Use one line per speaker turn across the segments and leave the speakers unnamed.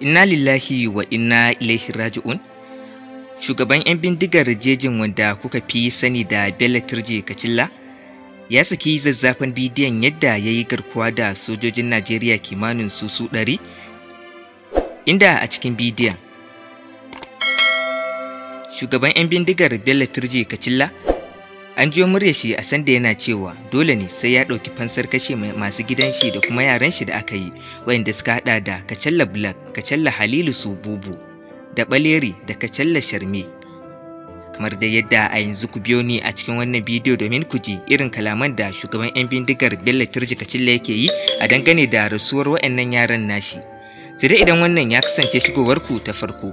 inna lillahi wa inna ilaihi raji'un shugaban 'yan bindigar jejin wanda kuka fi sani da bello turje kacilla ya saki zazzafan bidiyon yadda ya yi garkuwa da sojojin najeriya kimanin su su ɗari inda a cikin bidiyon shugaban 'yan bindigar bello turje kacilla An jiyo murya shi a sanda yana cewa dole ne sai ya ɗauki fansar kashe masu gidan shi da kuma yaran shi da aka yi wayanda suka haɗa da Kacalla Black, Kacalla Halilu su bubu, da Baleri da Kacalla Sharmi. Kamar da yadda a yanzu ku biyo ni a cikin wannan bidiyo domin ku ji irin kalaman da shugaban 'yan bindigar Bello Turji Kacalla yake yi a dangane da rasuwar wayannan yaran nashi. Sai idan wannan ya kasance shigowarku ta farko.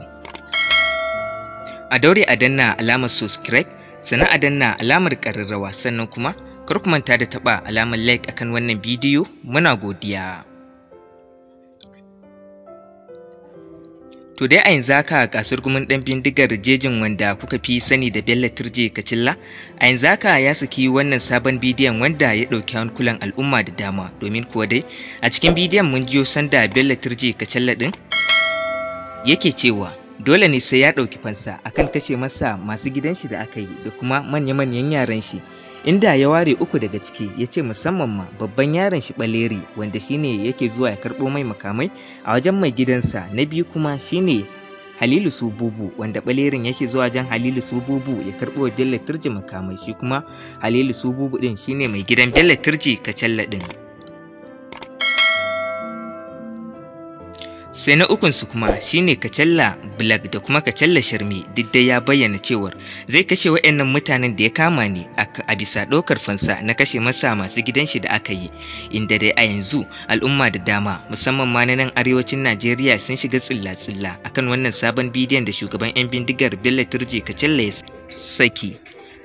A daure a danna alamar subscribe sana'a a danna alamar ƙararrawa sannan kuma kar ku manta da taba alamar like akan wannan bidiyo muna godiya. To dai a yanzu haka kasuwar gumin ɗan bindigar jejin wanda kuka fi sani da Bello Turje Kacilla, a yanzu haka ya saki wannan sabon bidiyon wanda ya ɗauki hankulan al'umma da dama domin kuwa dai a cikin bidiyon mun jiyo sanda Bello Turje Kacilla ɗin yake cewa dole ne sai ya ɗauki fansa akan kashe masa masu gidan shi da aka yi da kuma manya-manyan yaran shi inda ya ware uku daga ciki ya ce musamman ma babban yaron shi ɓaleri wanda shine yake zuwa ya karɓo mai makamai a wajen mai gidansa na biyu kuma shine Halilu bubu, wanda balerin yake zuwa jan Halilu bubu ya karɓo Bello Turji makamai shi kuma Halilu ɗin ɗin shine mai gidan Bello Turji Kacalla ɗin sai na ukunsu kuma shine kacalla black da kuma kacalla sharmi duk ya bayyana cewar zai kashe waɗannan mutanen da ya kama ni a bisa ɗaukar fansa na kashe masa masu gidan shi da aka yi inda dai a yanzu al'umma da dama musamman ma na nan arewacin najeriya sun shiga tsilla-tsilla akan wannan sabon bidiyon da shugaban 'yan bindigar bello turji kacalla ya saki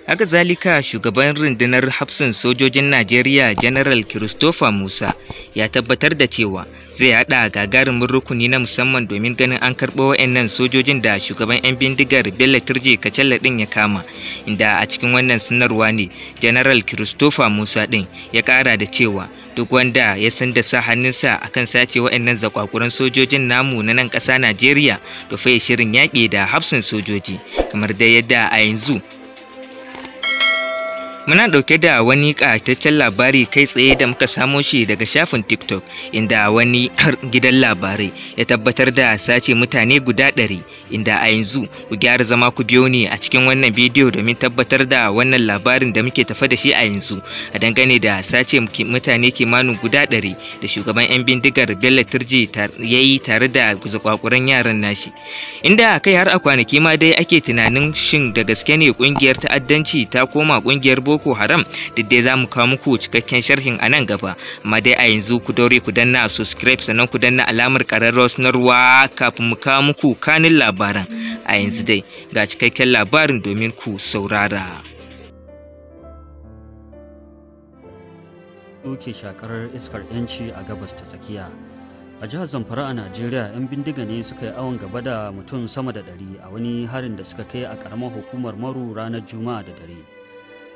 Haka zalika shugaban rundunar hafsin sojojin Najeriya General Christopher Musa ya tabbatar da cewa zai haɗa gagarumin rukuni na musamman domin ganin an karɓo wa'annan sojojin da shugaban 'yan bindigar Bello Turje Kacalla ɗin ya kama, inda a cikin wannan sanarwa ne General Christopher Musa ɗin ya ƙara da cewa duk wanda ya san da sa hannunsa kan sace wa'annan zakwakuran sojojin namu na nan ƙasa Najeriya to fa shirin yaƙi da hafsin sojoji kamar da yadda a yanzu Muna ɗauke da wani kataccen labari kai tsaye da muka samo shi daga shafin TikTok inda wani gidan labarai ya tabbatar da sace mutane guda ɗari inda a yanzu ku gyara zama ku biyo ni a cikin wannan bidiyo domin tabbatar da wannan labarin da muke tafa da shi a yanzu a dangane da sace mutane kimanin guda ɗari da shugaban 'yan bindigar Bello Turji ya yi tare da kwakuran yaran nashi. Inda kai har a kwanaki ma dai ake tunanin shin da gaske ne ƙungiyar ta'addanci ta koma ƙungiyar boko haram duk dai za mu kawo muku cikakken sharhin a nan gaba amma dai a yanzu ku daure ku danna subscribe sannan ku danna alamar ƙararrawar sanarwa kafin mu kawo muku kanin labaran a yanzu dai ga cikakken labarin domin ku saurara.
Doke shakarar iskar 'yanci a gabas ta tsakiya. a jihar zamfara a najeriya 'yan bindiga ne suka yi awon gaba da mutum sama da ɗari a wani harin da suka kai a ƙaramar hukumar maru ranar juma'a da dare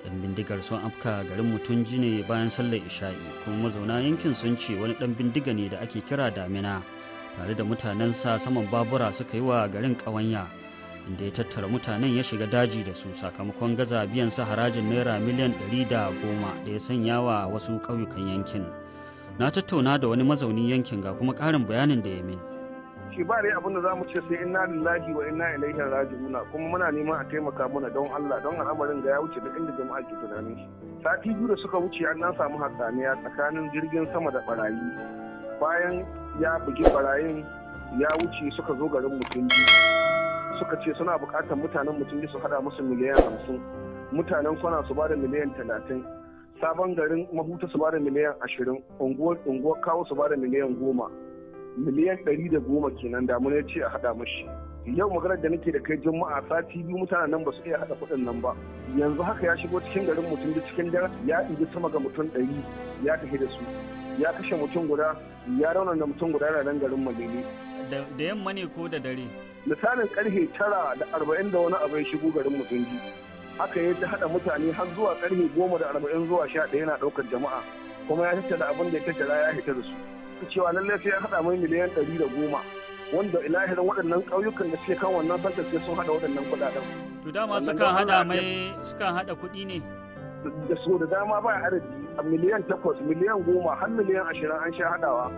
'yan bindigar sun afka garin mutunji jini bayan sallar isha'i kuma mazauna yankin sun ce wani ɗan bindiga ne da ake kira damina tare da mutanensa saman babura suka yi wa garin ƙawanya inda ya tattara mutanen ya shiga daji da su sakamakon gaza biyan su harajin naira miliyan ɗari da goma da ya sanya wa wasu ƙauyukan yankin na tattauna da wani mazaunin yankin ga kuma ƙarin bayanin da ya min
shi ba dai abin da za mu ce sai inna lillahi wa inna ilaihi raji'una kuma muna neman a taimaka mana don Allah don al'amarin ga ya wuce da inda jama'a ke tunanin shi sati biyu da suka wuce an samu hatsaniya tsakanin jirgin sama da barayi bayan ya bugi barayin ya wuce suka zo garin mutum suka ce suna buƙatar mutanen mutum su haɗa musu miliyan hamsin mutanen kwana su bada miliyan talatin sabon garin mahuta su bada miliyan ashirin unguwar kawo su bada miliyan goma miliyan ɗari da goma kenan da ya ce a haɗa mashi yau maganar da nake da kai juma'a sati biyu mutanen nan ba su iya haɗa kuɗin nan ba yanzu haka ya shigo cikin garin mutum da cikin dare ya ɗibi sama ga mutum ɗari ya tafi da su ya kashe mutum guda ya da mutum guda yana nan garin malili.
da yamma ne ko da dare
misalin karfe tara da arba'in da wani abu ya shigo garin mutum haka ya ta haɗa mutane har zuwa karfe goma da arba'in zuwa sha ɗaya yana ɗaukar jama'a kuma ya tattara abin da ya tattara ya hita da su cewa lallai sai ya haɗa mai miliyan ɗari da goma wanda ilahirin waɗannan ƙauyukan da suke kan wannan santar sai sun haɗa waɗannan kuɗaɗen.
To dama sukan haɗa mai sukan haɗa kuɗi ne.
Da so da dama ba adadi miliyan takwas miliyan goma har miliyan ashirin an sha haɗawa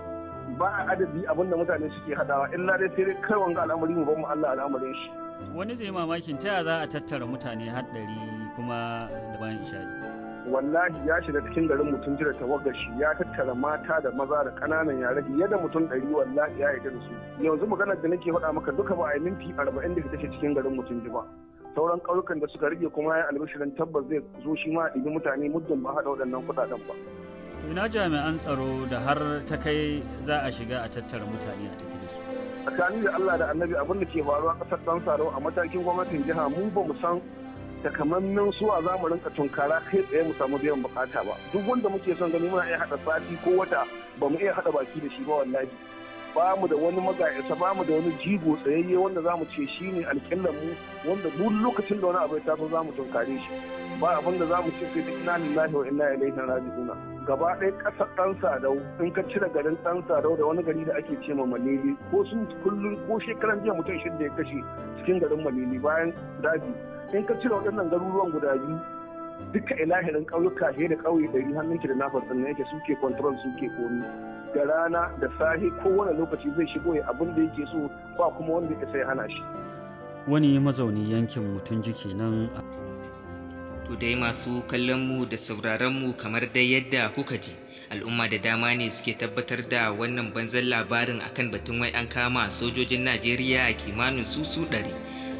ba adadi abinda mutane suke haɗawa illa dai sai kai wanga al'amari mu bamu Allah al'amarin shi.
Wani zai mamakin ta za a tattara mutane ɗari kuma da bayan isha'i.
wallahi ya shiga cikin garin mutum jira ta shi ya tattara mata da maza da ƙananan yare fiye da mutum ɗari wallahi ya yi da su yanzu maganar da nake faɗa maka duka ba a yi minti arba'in da take cikin garin mutum ba sauran ƙauyukan da suka rage kuma ya albishirin tabbas zai zo shi ma ɗibi mutane muddin ba haɗa waɗannan kuɗaɗen ba.
ina jami'an tsaro da har ta kai za a shiga a tattara mutane a tafi da su.
tsakanin da Allah da Annabi abin da ke faruwa ƙasar ɗan tsaro a matakin gwamnatin jiha mu ba mu san takamannin suwa za mu rinka tunkara kai tsaye mu samu biyan bukata ba duk wanda muke son gani muna iya haɗa sati ko wata ba mu iya haɗa baki da shi ba wallahi ba mu da wani magayasa ba mu da wani jigo tsayayye wanda za mu ce shi ne mu wanda duk lokacin da wani abu ya taso za mu tunkare shi ba abin da za mu ce sai duk na lillahi wa inna ilaihi raji'una gaba ɗaya ƙasar ɗan sadau in ka cire garin ɗan sadau da wani gari da ake ce ma malili ko sun kullum ko shekaran jiya mutum shidda ya kashe cikin garin malili bayan daji in ka cire waɗannan garuruwan guda biyu duka ilahirin ƙauyuka he da ƙauye ɗari hannunki da nafar sannan yake suke control suke komi da rana da safe kowane lokaci zai shigo ya abin da yake so ba kuma wanda ya sai hana shi
wani mazauni yankin mutum jiki nan
To dai masu kallon mu da sauraron mu kamar dai yadda kuka ji al'umma da dama ne suke tabbatar da wannan banzan labarin akan batun wai an kama sojojin Najeriya kimanin su su ɗari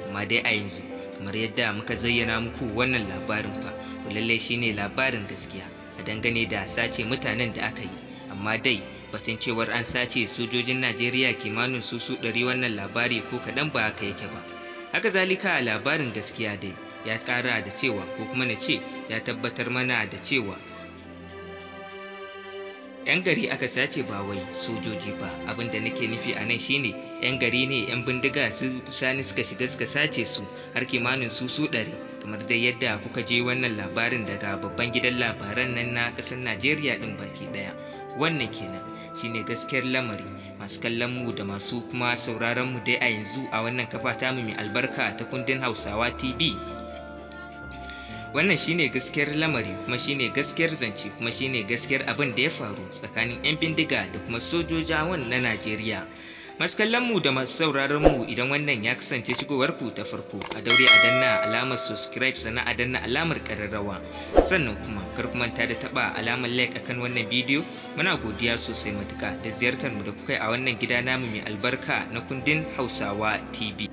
amma dai a yanzu kamar yadda muka zayyana muku wannan labarin fa to lallai shine labarin gaskiya a dangane da sace mutanen da aka yi amma dai batun cewar an sace sojojin Najeriya kimanin su su ɗari wannan labari ko kaɗan ba haka yake ba haka zalika labarin gaskiya dai ya ƙara da cewa ko kuma na ce ya tabbatar mana da cewa 'yan gari aka sace ba wai sojoji ba abin da nake nufi a nan shine 'yan gari ne 'yan bindiga su sani suka shiga suka sace su har kimanin su su ɗari kamar dai yadda kuka je wannan labarin daga babban gidan labaran nan na ƙasar najeriya ɗin baki ɗaya wannan kenan shine gaskiyar lamari masu kallon mu da masu kuma sauraron mu dai a yanzu a wannan kafa tamu mai albarka ta kundin hausawa tv wannan shine gaskiyar lamari kuma shine gaskiyar zance kuma shine gaskiyar abin da ya faru tsakanin 'yan bindiga da kuma sojoja na najeriya masu mu da masu sauraron mu idan wannan ya kasance shigowar ku ta farko a daure a danna alamar subscribe sannan a danna alamar kararrawa sannan kuma kar ku manta da taba alamar like akan wannan bidiyo muna godiya sosai matuka da ziyartar mu da kuka yi a wannan gida namu mai albarka na kundin Hausawa TV